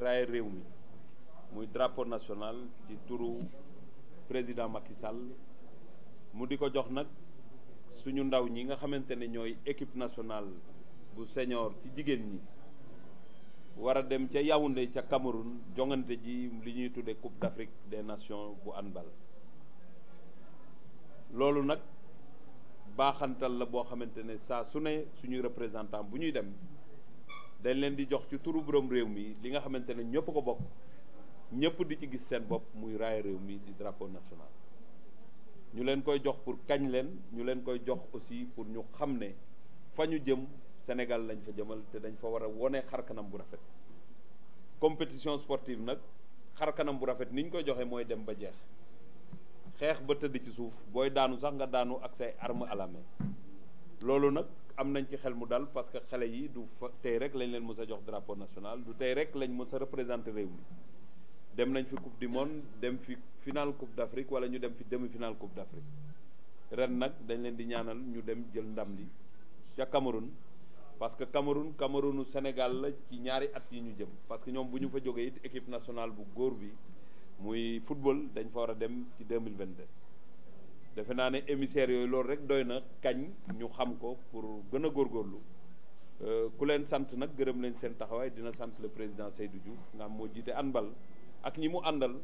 raaya réew mi muy drapeau national ci turu président Macky Sall mu di ko jox nag suñu ndaw ñi nga xamante ne ñooy équipe nationale bu senior ci jigéen ñi war a dem ca Yaoundé ca Cameroun jongante ji li ñuy tuddee Coupe d'Afrique des Nations bu handball loolu nag baaxantal la boo xamante ne saa su ne suñuy représentant bu ñuy dem dañ leen di jox ci turu borom réew mi li nga xamante ne ñëpp ko bokk ñëpp di ci gis seen bopp muy raaya réew mi di drapeau national ñu leen koy jox pour kañ leen ñu leen koy jox aussi pour ñu xam ne fa ñu jëm Sénégal lañ fa jëmal te dañ fa war a wone xarkanam bu rafet compétition sportive nag xarkanam bu rafet ni ñu koy joxe mooy dem ba jeex xeex ba tëdd ci suuf booy daanu sax nga daanu ak say arme à loolu nag am nañ ci xel mu dal parce que xale yi du fa tey rek lañ leen mës a jox drapeau national du tey rek lañ mës a représenté réew mi dem nañ fi coupe du monde dem fi final coupe d'Afrique wala ñu dem fi demi final coupe d'Afrique ren nag dañ leen di ñaanal ñu dem jël ndam li ca Cameroun parce que Cameroun Camerounu Sénégal la ci ñaari at yi ñu jëm parce que ñoom bu ñu fa jógee it équipe nationale bu góor bi muy football dañ fa war a dem ci 2022 defe naa ne émissaires yooyu loolu rek doy na kañ ñu xam ko pour gën a góorgóorlu euh, ku leen sant nag gërëm leen seen taxawaay dina sant la président Seydou Diouf nga xam moo jiite ANBAL ak ñi mu àndal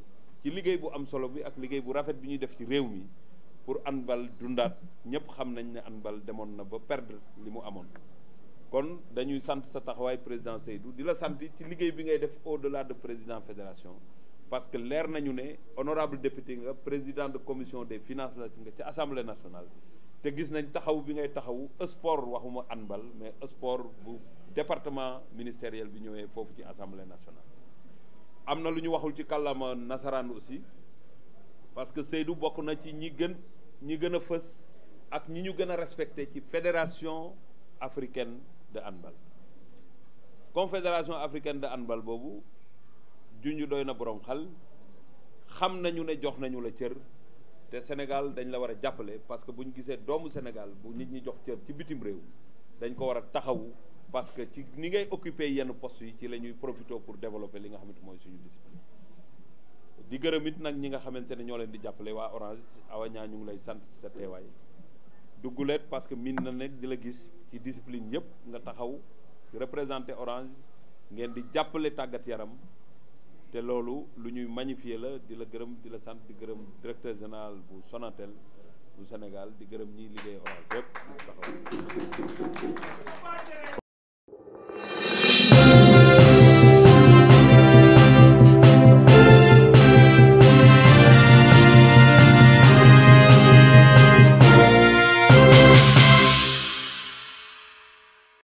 ci liggéey bu am solo bi ak liggéey bu rafet bi ñuy def ci réew mi pour ANBAL dundaat ñëpp xam nañ ne ANBAL demoon na ba perdre li mu amoon. kon dañuy sant sa taxawaay président Seydou di la sant ci liggéey bi ngay def de la de président fédération. parce que leer nañu ne honorable député nga président de commission des finances la nga ci assemblée nationale te gis nañ taxaw bi ngay taxaw sport waxuma handball mais sport bu département ministériel bi ñëwee foofu ci assemblée nationale am na lu ñu waxul ci kàllaama nasaraan aussi parce que Seydou bokk na ci ñi gën ñi gën a fës ak ñi ñu gën a respecté ci fédération africaine de handball confédération africaine de handball boobu junj doy na borom xal xam nañu ne jox nañu la cër te Sénégal dañ la war a jàppale parce que bu ñu gisee doomu Sénégal bu nit ñi jox cër ci bitim réew dañ ko war a taxawu parce que ci ni ngay occupé yenn post yi ci la ñuy profité pour développer li nga xamante mooy suñu discipline. di gërëm nag ñi nga xamante ne ñoo leen di jàppale waa Orange awa ñaa ñu ngi lay sant ci sa teewaay dugguleet parce que miin na ne di la gis ci discipline yëpp nga taxaw représenté Orange ngeen di jàppale tàggat yaram. te loolu lu ñuy magnifier la di la gërëm di la sant di gërëm directeur général bu Sonatel bu Sénégal di gërëm ñiy liggéey Orange yëpp